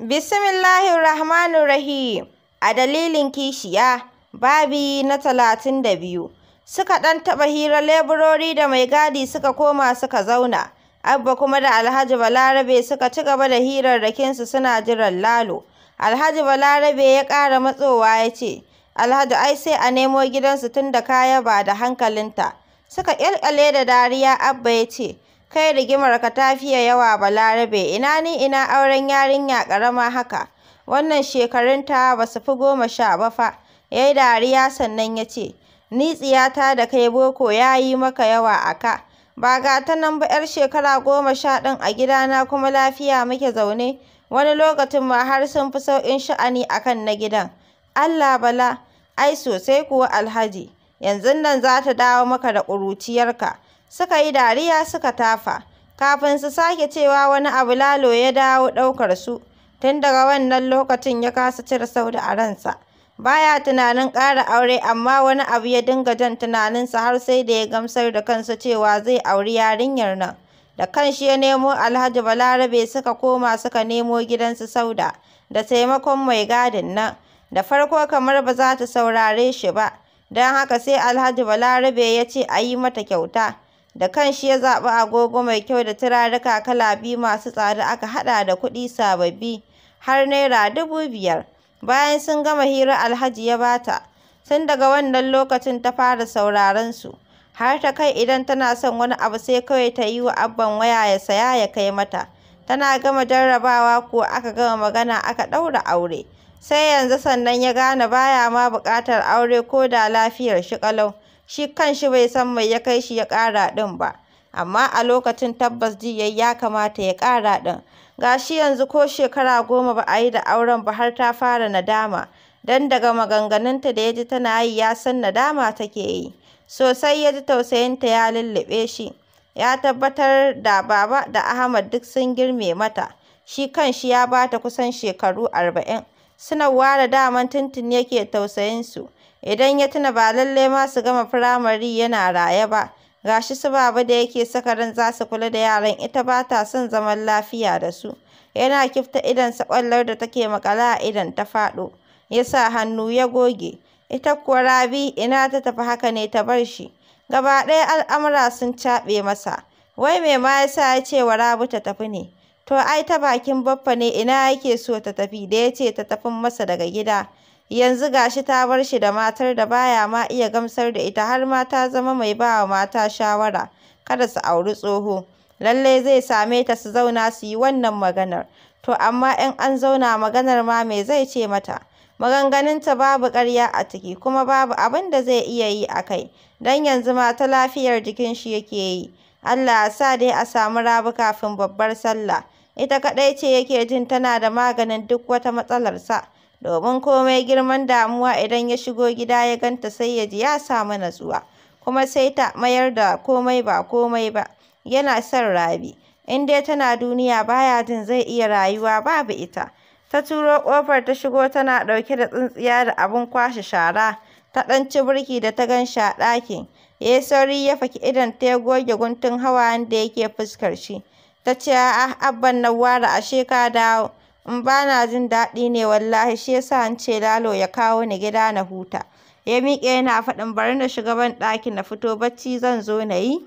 Rahim. A dalilin kishiya, babi na talatin da biyu. Suka ɗan taɓa hira leburori da mai gadi suka koma suka zauna. Abba kuma da Alhaji Balarabe suka ci gaba da hirar hirarrakinsu suna jiran Lalo. Alhaji Balarabe ya ƙara matsowa ya ce, Alhaji ai sai a nemo gidansu tunda da kaya ba da hankalinta. Suka ƙyalƙyale da dariya Abba ya ce, Kai rigimar ka ta fiye yawa Balarabe, ina ni ina auren yarinya ƙarama haka, wannan shekarunta ba su fi goma sha ba fa, ya dariya sannan ya ce, ni tsiyata da kai boko ya yi maka yawa a ka, ba ga ta nan ba 'yar shekara goma sha ɗin a gidana kuma lafiya muke zaune, wani lokacin ma har sun fi sauƙin sha'ani a kan na gidan. Allah bala, ai sosai kuwa Alhaji, yanzu nan za ta dawo maka da ƙuruciyarka. Suka yi dariya suka tafa. Kafin su sake cewa wani abu Lalo ya dawo ɗaukar su. Tun daga wannan lokacin ya kasa cire Saude a ransa. Baya tunanin ƙara aure amma wani abu ya dinga jan tunaninsa har sai da ya gamsar da kansa cewa zai auri yarinyar nan. Da kanshi ya nemo Alhaji Balarabe suka koma suka nemo gidansu Sauda da taimakon mai gadin nan. Da farko kamar ba za ta saurare shi ba, don haka sai Alhaji Balarabe ya ce a yi mata kyauta. da kanshi ya zaɓi agogo mai kyau da turaruka kala biyu masu tsada aka haɗa da kuɗi sababbi har naira dubu biyar. Bayan sun gama hira Alhaji ya bata. Tun daga wannan lokacin ta fara sauraron su. Har ta kai idan tana son wani abu sai kawai ta yi wa abban waya ya saya ya kai mata. Tana gama jarrabawa ko aka gama magana aka ɗaura aure. Sai yanzu sannan ya gane baya ma buƙatar aure ko da lafiyar shi ƙalau. shi kanshi bai san mai ya kai shi ya ƙara ɗin ba amma a lokacin tabbas ji yayi ya kamata ya ƙara ɗin ga shi yanzu ko shekara goma ba a yi da auren ba har ta fara nadama dan daga maganganunta da ya ji tana yi ya san nadama take yi sosai ya ji tausayinta ya lulluɓe shi ya tabbatar da baba da Ahmad duk sun girme mata shi kanshi ya bata kusan shekaru arba'in sanarwa da daman tuntun yake tausayin su Idan ya tuna ba lallai ma su gama firamare yana raye ba. Ga su Baba da yake saka ran za su kula da yaran ita ba ta son zaman lafiya da su. Yana kifta sa ƙwallar da take makala a idon ta faɗo. Ya sa hannu ya goge. Ita kuwa Rabi ina ta tafi haka ne ta bar shi. Gaba ɗaya al'amura sun caɓe masa. Wai mai ma ya sa ya ce wa Rabu ta tafi ne? To ai ta bakin Baffa ne ina yake so ta tafi da ya ce ta tafi masa daga gida. yanzu gashi ta bar shi da matar da baya ma iya gamsar da ita har ma ta zama mai ba wa mata shawara kada su auri tsoho lallai zai same ta su zauna su yi wannan maganar to amma in an zauna maganar ma me zai ce mata maganganunta babu ƙarya a ciki kuma babu abin da zai iya yi a kai don yanzu ma ta lafiyar jikin shi yake yi Allah ya sa dai a samu rabu kafin babbar sallah ita kaɗai ce yake jin tana da maganin duk wata matsalarsa domin komai girman damuwa idan ya shigo gida ya ganta sai ya ji ya samu natsuwa, kuma sai ta mayar da komai ba komai ba. Yana son Rabi, in dai tana duniya baya jin zai iya rayuwa babu ita. Ta turo ƙofar ta shigo tana ɗauke da tsintsiya da abin kwashe shara, ta ɗan ci birki da ta gan a ɗakin. Ya sauri ya faki idon ta ya goge guntun hawa da yake fuskar shi. Ta ce a'a abban Nawwara ashe ka dawo. In ba na jin daɗi ne wallahi shi yasa sa ce Lalo ya kawo ni gida na huta. Ya miƙe yana faɗin bari na shiga banɗaki na fito bacci zan zo na yi.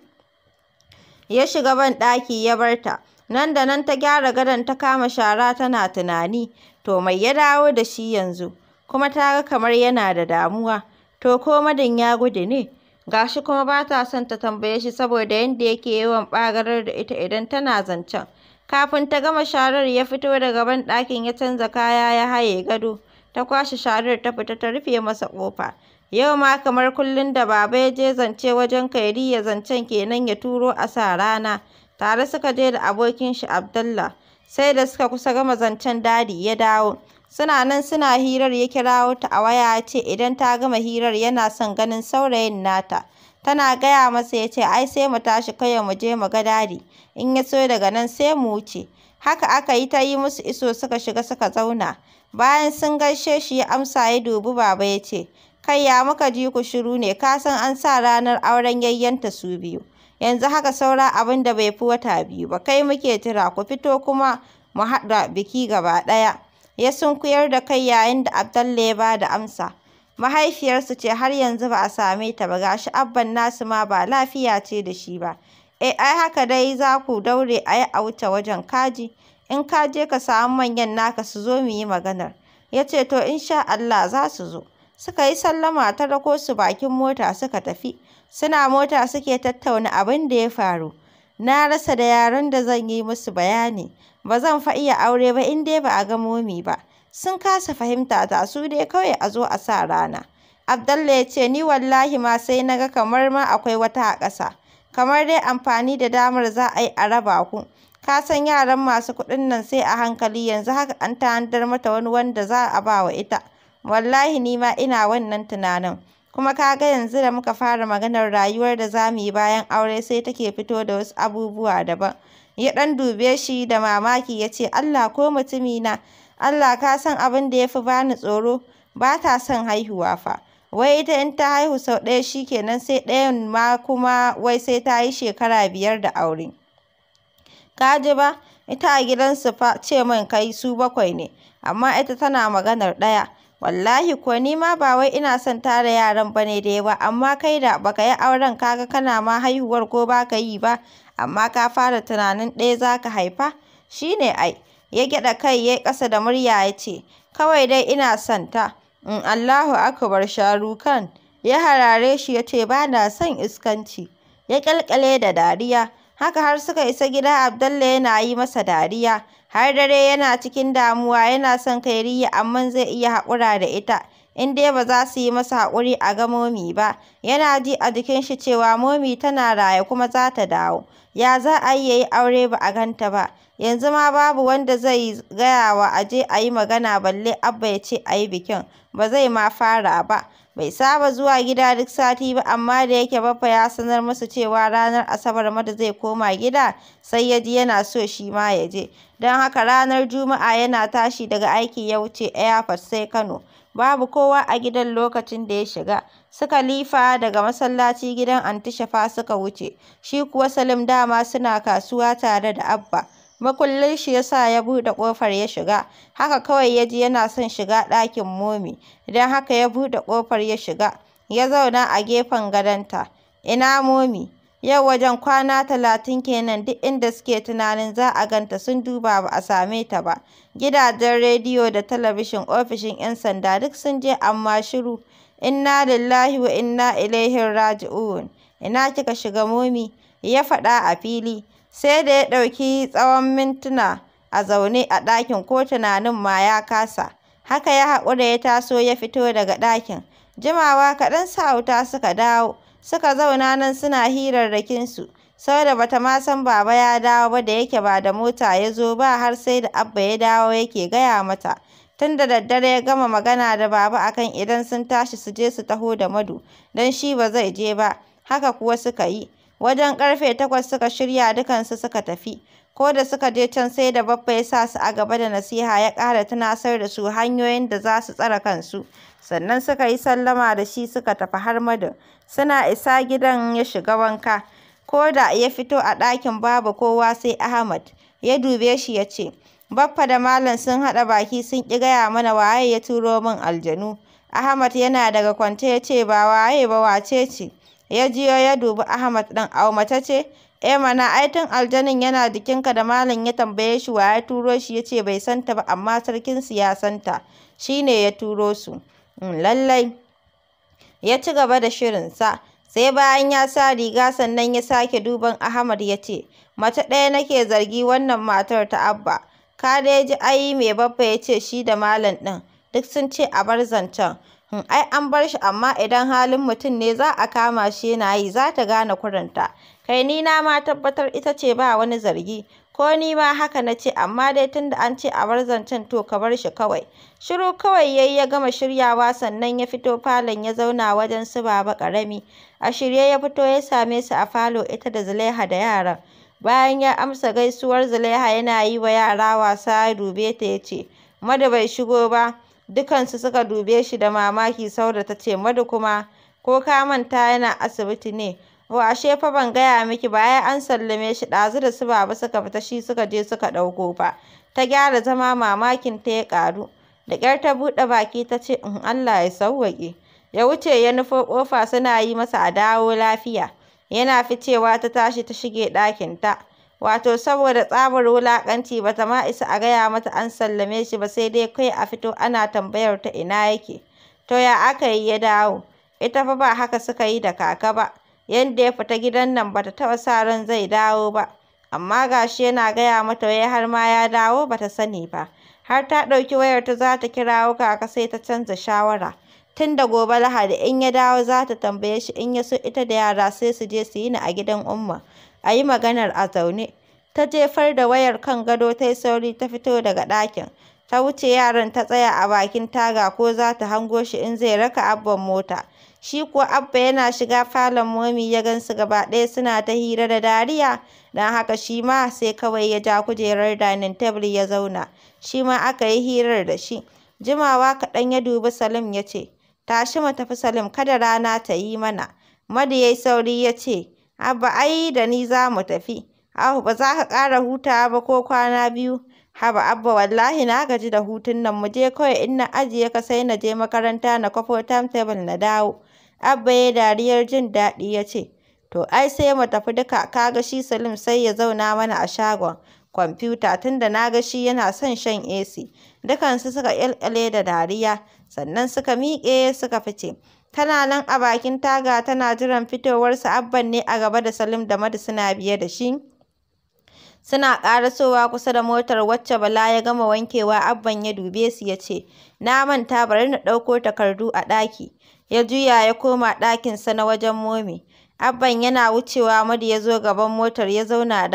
Ya shiga banɗaki ya bar ta. Nan da nan ta gyara gadon ta kama shara tana tunani, to mai ya dawo da shi yanzu? Kuma ta ga kamar yana da damuwa. To ko madin ya gudu ne? Gashi kuma ba ta son ta tambaye shi saboda yadda yake yawan ɓagarar da ita idan tana zancen. Kafin ta gama sharar ya fito daga banɗakin ya canza kaya ya haye gado, ta kwashe sharar ta fita ta rufe masa ƙofa. Yau ma kamar kullum da Baba ya je zance wajen Kairiya zancen kenan ya turo a sa rana. Tare suka je da abokin shi Abdullah, Sai da suka kusa gama zancen Dadi ya dawo. Suna nan suna hirar ya kirawo ta a waya ce idan ta gama hirar yana son ganin saurayin nata. Tana gaya masa ya ce ai sai mu tashi kawai mu je mu ga dadi, in ya so daga nan sai mu wuce. Haka aka yi ta yi musu iso suka shiga suka zauna. Bayan sun gaishe shi ya amsa ya dubi baba ya ce, kai ya muka ji ku shiru ne ka san an sa ranar auren yayyanta su biyu. Yanzu haka saura abin da bai fi wata biyu ba, kai muke jira ku fito kuma mu haɗa biki gaba ɗaya. Ya sunkuyar da kai yayin da abdalla ya ba da amsa. mahaifiyarsu ce har yanzu ba a same ta ba gashi abban nasu ma ba lafiya ce da shi ba eh ai haka dai za ku daure a yi a wuce wajen kaji in ka je ka samu manyan naka su zo mu yi maganar ya ce to sha Allah za su zo suka yi sallama ta rako su bakin mota suka tafi suna mota suke tattauna abin da ya faru na rasa da yaran da zan yi musu bayani ba zan fa iya aure ba in dai ba a ga momi ba sun kasa fahimta ta su dai kawai a zo a sa rana. abdalla ya ce ni wallahi ma sai na ga kamar ma akwai wata a ƙasa. Kamar dai amfani da damar za a yi a raba ku. Ka san yaran masu kuɗin nan sai a hankali yanzu haka an ta mata wani wanda za a ba wa ita. Wallahi ni ma ina wannan tunanin. Kuma ka ga yanzu da muka fara maganar rayuwar da za mu yi bayan aure sai take fito da wasu abubuwa daban. Ya ɗan dube shi da mamaki ya ce Allah ko mutumina. Allah ka san abin da ya fi bani tsoro, ba ta son haihuwa fa. Wai ita in ta haihu sau ɗaya shi kenan sai ɗayan ma kuma wai sai ta yi shekara biyar da aure. Ka ji ba, ita a gidansu fa ce min kai su bakwai ne, amma ita tana maganar ɗaya. Wallahi ko ni ma ba wai ina son tara yaran ba ne dai ba, amma kai da baka yi auren kaga kana ma haihuwar ko baka yi ba, amma ka fara tunanin ɗaya za ka haifa, shi ne ai. Ya gyaɗa kai ya yi ƙasa da murya ya ce, kawai dai ina son ta. In Allahu akbar Sharukan. Ya harare shi ya ce ba na son iskanci. Ya ƙalƙale da dariya. Haka har suka isa gida Abdalla yana yi masa dariya. Har dare yana cikin damuwa yana son Kairiya amma zai iya haƙura da ita. in dai ba za su yi masa haƙuri a ga Momi ba. Yana ji a jikin shi cewa Momi tana raya kuma za ta dawo. Ya za a yi ya yi aure ba a ganta ba. Yanzu ma babu wanda zai gaya wa a je a yi magana balle Abba ya ce a yi bikin. Ba zai ma fara ba. Bai saba zuwa gida duk sati ba amma da yake Baffa ya sanar musu cewa ranar Asabar Mada zai koma gida sai ya ji yana so shi ma ya je. Don haka ranar Juma'a yana tashi daga aiki ya wuce airport sai Kano. Babu kowa a gidan lokacin da ya shiga, su Khalifa daga masallaci gidan Anty Shafa suka wuce, shi kuwa Salim dama suna kasuwa tare da Abba, makullin shi ya sa ya buɗe ƙofar ya shiga, haka kawai ya ji yana son shiga ɗakin Momi, don haka ya buɗe ƙofar ya shiga, ya zauna a gefen gadonta. Ina Momi? Yau wajen kwana talatin kenan duk inda suke tunanin za a ganta sun duba ba a same ta ba. Gidajen rediyo da talabijin, ofishin 'yan sanda duk sun je amma shiru. Inna lillahi wa inna ilaihi raji'un. Ina kika shiga momi? ya faɗa a fili. Sai da ya ɗauki tsawon mintuna a zaune a ɗakin ko tunanin ma ya kasa. Haka ya haƙura ya taso ya fito daga ɗakin. Jimawa kaɗan su Auta suka dawo. Suka zauna nan suna hirar hirarrakinsu. da bata ma san Baba ya dawo ba da yake ba da mota ya zo ba har sai da Abba ya dawo yake gaya mata. Tun da daddare ya gama magana da Baba akan idan sun tashi su je su taho da Madu, don shi ba zai je ba. Haka kuwa suka yi. Wajen karfe takwas suka shirya dukansu suka tafi. Ko da suka je can sai da babba ya sa su a gaba da nasiha ya ƙara tunasar da su hanyoyin da za su tsare kansu. sannan suka yi sallama da shi suka tafi Harmadu. Suna isa gidan ya shiga wanka. Ko da ya fito a ɗakin babu kowa sai Ahmad. Ya dube shi ya ce, Baffa da Malam sun haɗa baki sun ƙi gaya mana waye ya turo min aljanu. Ahmad yana daga kwance ya ce ba waye ba wace ce. Ya jiyo ya dubi Ahmad ɗin aumata ce, E mana ai tun aljanin yana jikinka da Malam ya tambaye shi waye turo shi ya ce bai santa ba amma sarkinsu ya santa. Shi ne ya turo su. Mm, lallai ya ci gaba da shirinsa sai bayan ya sa riga sannan ya sake duban Ahmad ya ce mace ɗaya nake zargi wannan matar ta Abba ka dai ji ai mai babba ya ce shi da malam ɗin duk sun ce a bar zancen mm, ai an bar shi amma idan halin mutum ne za a kama shi yana yi za ta gane kurinta kai ni na ma tabbatar ita ce ba wani zargi Ko ni ma haka na ce, amma dai tunda an ce a bar zancen to ka bar shi kawai. Shiru kawai ya yi ya gama shiryawa sannan ya fito falon ya zauna wajen su Baba ƙarami. A shirye ya fito ya same su a falo ita da Zulaiha da yaran. Bayan ya amsa gaisuwar Zulaiha yana yi wa yara wasa ya dube ta ya ce, Madu bai shigo ba. Dukansu suka dube shi da mamaki Sauda ta ce, Madu kuma ko ka manta yana asibiti ne. Washe fa ban gaya miki ba ai an sallame shi ɗazu da su baba suka fita shi suka je suka ɗauko ba. Ta gyara zama mamakin ta ya ƙaru. Da ƙyar ta buɗe baki ta ce in Allah ya sauwaƙe. Ya wuce ya nufo ƙofa suna yi masa a dawo lafiya. Yana ficewa ta tashi ta shige ɗakinta. Wato saboda tsabar wulaƙanci bata ma isa a gaya mata an sallame shi ba sai dai kai a fito ana tambayar ta ina yake. To ya aka yi ya dawo? Ita fa ba haka suka yi da kaka ba. Yadda ya fita gidan nan ba ta taɓa sa ran zai dawo ba, amma ga shi yana gaya mata wai har ma ya dawo ba ta sani ba. Har ta ɗauki wayarta za ta kirawo kaka sai ta canza shawara. Tun da gobe Lahadi in ya dawo za ta tambaye shi in ya so ita da yara sai su je su yi ni a gidan Umma, a yi maganar a zaune. Ta jefar da wayar kan gado ta yi sauri ta fito daga ɗakin. Ta wuce yaran ta tsaya a bakin taga ko za ta hango shi in zai raka Abban mota. Shi ko Abba yana shiga falon Momi ya gansu gaba ɗaya suna ta hira da dariya, don haka shi ma sai kawai ya ja kujerar dining table ya zauna, shi ma aka yi hirar da shi. Jimawa kaɗan ya dubi Salim ya ce, tashi mu tafi Salim kada rana ta yi mana. Madu ya yi sauri ya ce, Abba ai da ni za mu tafi. ahu ba za ka ƙara hutawa ba ko kwana biyu. Haba Abba wallahi na gaji da hutun nan mu je kawai in na ajiye ka sai na je makaranta na kwafo timetable na dawo. Abba ya dariyar jin daɗi ya ce, to ai sai mu tafi duka, ka ga shi Salim sai ya zauna mana a shagon kwamfuta tunda na ga shi yana son shan AC. Dukansu suka ƙyalƙyale da dariya, sannan suka miƙe suka fice. Tana nan a bakin taga tana jiran fitowarsa Abban ne a gaba da Salim da Madu suna biye da shi. Suna ƙarasowa kusa da motar wacce Bala ya gama wankewa Abban ya dube su ya ce, Na manta bari na ɗauko takardu a ɗaki. Ya juya ya koma ɗakinsa na wajen momi. Abban yana wucewa Madu ya zo gaban motar ya zauna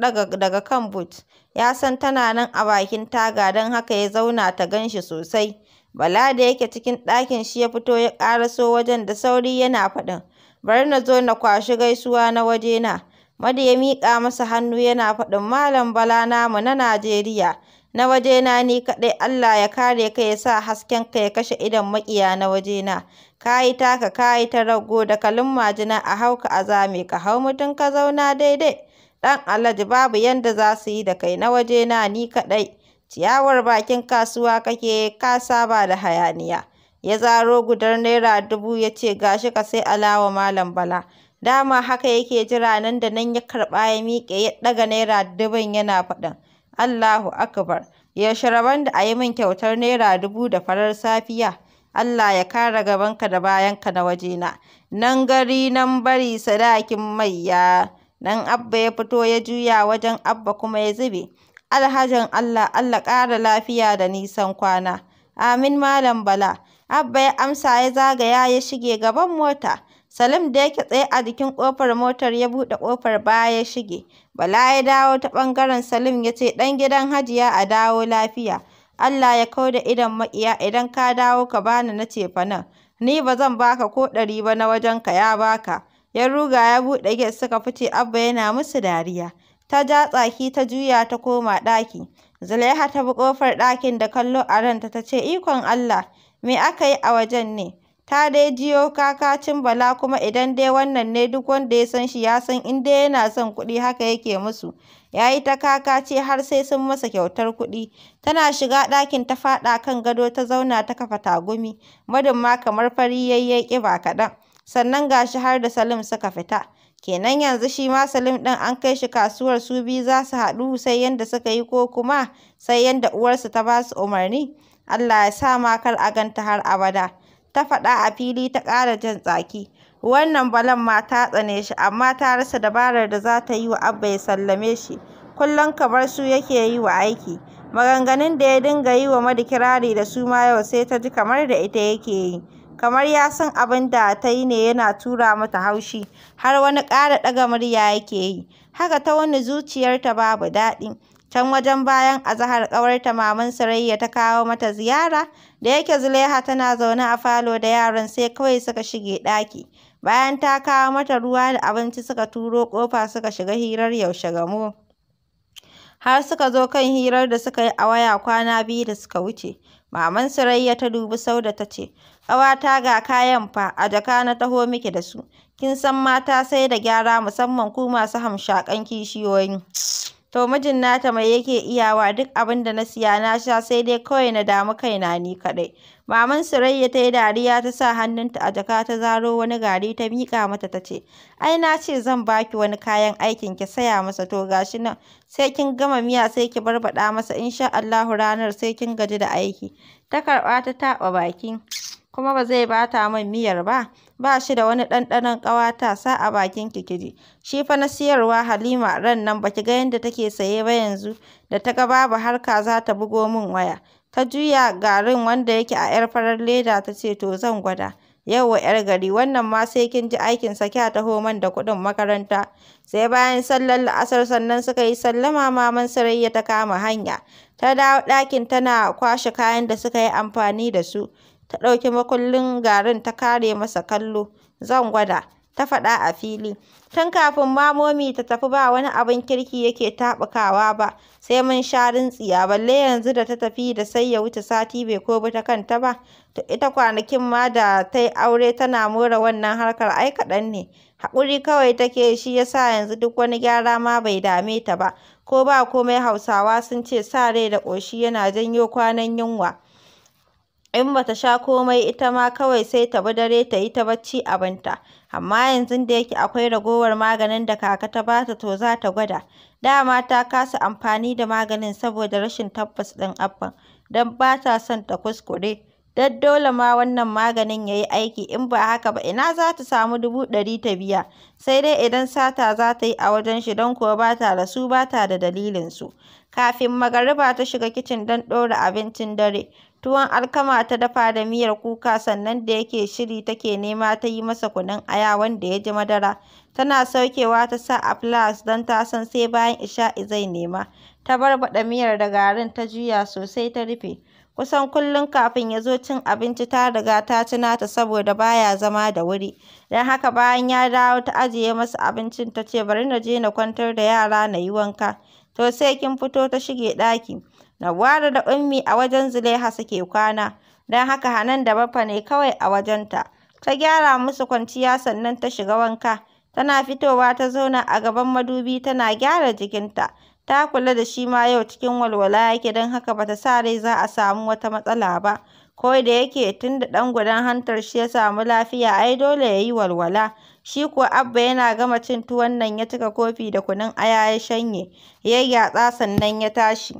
daga kan but. Ya san tana nan a bakin taga don haka ya zauna ta gan shi sosai. Bala da yake cikin ɗakin shi ya fito ya ƙaraso wajen da sauri yana faɗin, bari na zo na kwashi gaisuwa na wajena. Madu ya miƙa masa hannu yana faɗin, Malam Bala namu na Najeriya, na wajena ni kaɗai, Allah ya kare ka ya sa hasken ka ya kashe idon maƙiya na wajena. Ka yi taka ka yi ta rago, kalin majina a hau ka a zame ka, hau mutum ka zauna daidai. Ɗan Alhaji babu yanda za su yi da kai, na wajena ni kaɗai. Ciyawar bakin kasuwa kake, ka saba da hayaniya. Ya zaro gudar Naira dubu ya ce, "Gashi ka sai alawa Malam Bala. dama haka yake jira nan da nan ya karɓa ya miƙe ya ɗaga naira dubun yana faɗin Allahu akbar yaushe rabon da a yi min kyautar naira dubu da farar safiya Allah ya kare gabanka da bayanka na wajena nan gari nan bari sadakin maiya nan abba ya fito ya juya wajen abba kuma ya zube alhajin Allah Allah ƙara lafiya da nisan kwana amin malam bala abba ya amsa ya zagaya ya shige gaban mota Salim da yake tsaye a jikin ƙofar motar ya buɗe ƙofar baya ya shige. Bala ya dawo ta ɓangaren Salim ya ce ɗan gidan Hajiya a dawo lafiya. Allah ya kau da idon maƙiya idan ka dawo ka bani na cefa nan. Ni ba zan baka ko ɗari ba na wajen wajenka ya baka. Ya ruga ya buɗe gate suka fice Abba yana musu dariya. Ta ja tsaki ta juya ta koma ɗaki. Zulaiha ta bi ƙofar ɗakin da kallo a ranta ta ce ikon Allah me aka yi a wajen ne? Ta dai jiyo kakacin Bala kuma idan dai wannan ne duk wanda ya san shi ya san in dai yana son kuɗi haka yake musu, ya yi ta kakace har sai sun masa kyautar kuɗi. Tana shiga ɗakin ta faɗa kan gado ta zauna ta kafa tagumi, madin ma kamar fari ya yi ba kaɗan. Sannan gashi har da Salim suka fita. Kenan yanzu shi ma Salim ɗin an kai shi kasuwar su biyu za su haɗu sai yanda suka yi ko kuma sai yanda uwarsu ta ba su umarni. Allah ya sa ma kar a ganta har abada. ta faɗa a fili ta ƙara jan tsaki. Wannan Balan ma ta tsane shi, amma ta rasa dabarar da za ta yi wa Abba ya sallame shi. Kullum kamar su yake yi wa aiki. Maganganun da ya dinga yi wa madikirari da su ma yau sai ta ji kamar da ita yake yi. Kamar ya san abin da ta yi ne yana tura mata haushi, har wani ƙara ɗaga murya yake yi. Haka ta wani zuciyarta babu daɗi. Can wajen bayan azahar ƙawarta Maman Sarayya ta kawo mata ziyara, da yake Zulaiha tana zaune a falo da yaran sai kawai suka shige ɗaki. Bayan ta kawo mata ruwa da abinci suka turo ƙofa suka shiga hirar yaushe gamo. Har suka zo kan hirar da suka yi a waya kwana biyu da suka wuce. Maman Sarayya ta dubi Sauda ta ce, ƙawata ga kayan fa a jaka na taho miki da su. Kin san mata sai da gyara musamman ku masu hamshaƙan kishiyoyi. To mijin nata mai yake iyawa, duk abin da na siya na sha sai dai kawai na damu kaina ni kaɗai. Maman Surayya ta yi dariya ta sa hannunta a jaka ta zaro wani gari ta miƙa mata ta ce, ai na ce zan baki wani kayan aikin ki saya masa to gashi nan sai kin gama miya sai ki barbaɗa masa insha Allahu ranar sai kin gaji da aiki. Ta karɓa ta taɓa baki kuma ba zai bata min miyar ba. ba shi da wani ɗanɗanon ƙawata sa a bakin kikiji. Shi fa na siyarwa Halima ran nan baki ga yadda take saye ba yanzu da ta ga babu harka za ta bugo min waya. Ta juya garin wanda yake a 'yar farar leda ta ce, to zan gwada. yau Yauwa 'yar gari, wannan ma sai kin ji sa kya taho man da kuɗin makaranta. Sai bayan sallar la'asar sannan suka yi sallama maman Sarayya ta kama hanya. Ta dawo ɗakin tana kwashe kayan da suka yi amfani da su. Ta ɗauki makullin garin ta kare masa kallo. Zan gwada. ta faɗa a fili. Tun kafin ma momi ta tafi ba wani abin kirki yake taɓukawa ba, sai mun sha rintsiya, balle yanzu da ta tafi da sai ya wuce sati bai kobi ta kanta ba. To ita kwanakin ma da ta yi aure tana more wannan harkar ai kaɗan ne. Haƙuri kawai take shi ya sa yanzu duk wani gyara ma bai dame ta ba, ko ba komai Hausawa sun ce sa rai da ƙoshi yana janyo kwanan yunwa. In ba ta sha komai ita ma kawai sai ta bi dare ta yi ta bacci abinta, amma yanzu da yake akwai ragowar maganin da kaka ta bata to za ta gwada, dama ta kasa amfani da maganin saboda rashin tabbas ɗin Abban, don ba ta son ta kuskure, don dole ma wannan maganin ya yi aiki in ba haka ba ina za ta samu dubu ɗari ta biya, sai dai idan sata za ta yi a wajen shi don kuwa ba ta da su ba ta da dalilinsu. Kafin magariba ta shiga kicin don ɗora abincin dare. tuwon alkama ta dafa da miyar kuka sannan da yake shiri take nema ta yi masa kunun aya wanda ya ji madara, tana saukewa ta sa a flas don ta san sai bayan isha'i zai nema, ta barbaɗa miyar da garin ta juya sosai ta rufe. Kusan kullum kafin ya zo cin abinci ta riga ta ci nata saboda baya zama da wuri, don haka bayan ya dawo ta ajiye masa abincin ta ce bari na je na kwantar da yara na yi wanka, to sai kin fito ta shige ɗaki. Nawwara da Ummi a wajen Zulaiha suke kwana, don haka Hanan da Baffa ne kawai a wajenta. Ta gyara musu kwanciya sannan ta shiga wanka. Tana fitowa ta zauna a gaban madubi tana gyara jikinta. Ta kula da shi ma yau cikin walwala yake don haka ba ta sa rai za a samu wata matsala ba. Ko da yake tun da ɗan gudan hantar shi ya samu lafiya ai dole ya yi walwala. Shi kuwa Abba yana gama cin tuwon nan ya cika kofi da kunun aya ya shanye, ya gyatsa sannan ya tashi.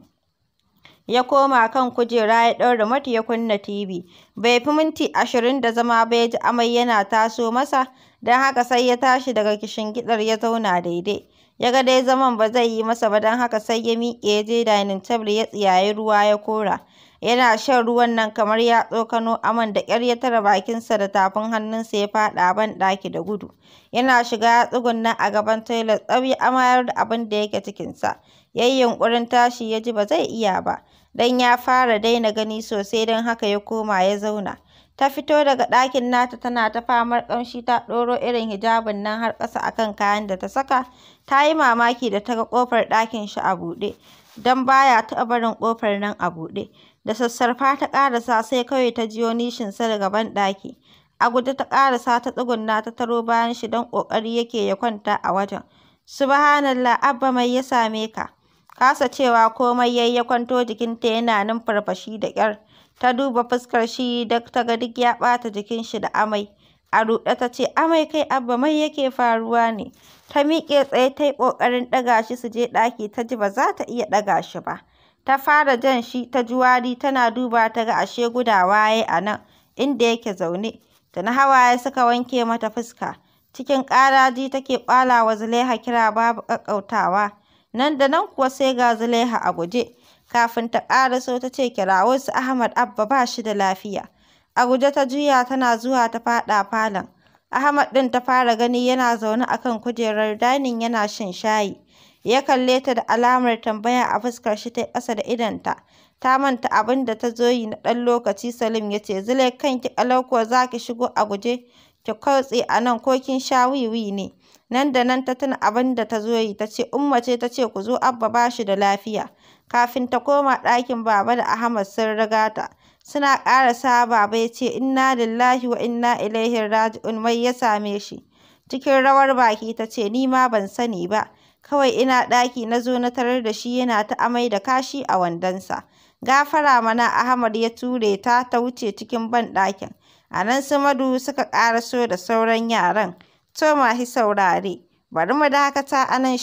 ya koma kan kujera ya ɗaura mata ya kunna TV. Bai fi minti ashirin da zama ba ji amai yana taso masa, don haka sai ya tashi daga gidar ya zauna daidai. Ya ga dai zaman ba zai yi masa ba don haka sai ya miƙe ya je dining table ya tsiyayi ruwa ya kora. Yana shan ruwan nan kamar ya tsokano aman da ƙyar ya tara bakinsa da tafin hannunsa ya faɗa ban ɗaki da gudu. Yana shiga ya tsugunna a gaban toilet tsawi amayar da abin da yake cikinsa. ya yi yunƙurin tashi ya ji ba zai iya ba, don ya fara daina gani sosai don haka ya koma ya zauna. Ta fito daga ɗakin nata tana ta famar ƙamshi ta ɗoro irin hijabin nan har ƙasa a kan kayan da ta saka. Ta yi mamaki da ta ga ƙofar ɗakin shi a buɗe, don baya ya taɓa barin ƙofar nan a buɗe. Da sassarfa ta ƙarasa sai kawai ta jiyo nishinsa daga banɗaki. A guje ta ƙarasa ta tsugunna ta taro bayan shi don ƙoƙari yake ya kwanta a wajen. Subhanallah Abba mai ya same ka? Kasa cewa komai ya ya kwanto jikinta yana numfarfashi da ƙyar. Ta duba fuskar shi da ta ga duk ya ɓata jikin shi da amai. A ruɗe ta ce, amai kai Abba mai yake faruwa ne? Ta miƙe tsaye ta yi ƙoƙarin ɗaga shi su je ɗaki ta ji ba za ta iya ɗaga shi ba. Ta fara jan shi ta ji wari tana duba ta ga ashe gudawa ya yi a nan inda yake zaune. Da na hawaye suka wanke mata fuska. Cikin ƙaraji take ƙwalawa wa kira babu ƙaƙƙautawa. Nan da nan kuwa sai ga Zulaiha a guje. Kafin ta ƙara ta ce kirawo su Ahmad Abba ba shi da lafiya. A guje ta juya tana zuwa ta faɗa falon. Ahmad ɗin ta fara gani yana zaune a kan kujerar dainin yana shan shayi. Ya kalle ta da alamar tambaya a fuskar shi ta ƙasa da idonta. Ta manta abinda ta zo yi na ɗan lokaci Salim ya ce, Zulai kanki ƙalau kuwa za ki shigo a guje. ki kautse a nan ko kin sha wiwi ne. Nan da nan ta tuna abin da ta zo yi ta ce Umma ce ta ce ku zo Abba ba shi da lafiya. Kafin ta koma ɗakin Baba da Ahmad sun riga ta. Suna ƙara Baba ya ce inna lillahi wa inna ilaihi raji'un mai ya same shi. Cikin rawar baki ta ce ni ma ban sani ba. Kawai ina ɗaki na zo na tarar da shi yana ta amai da kashi a wandonsa. Gafara mana Ahmad ya ture ta ta wuce cikin banɗakin. A nan su Madu suka ƙaraso da sauran yaran. To masu saurare, bari mu dakata a nan.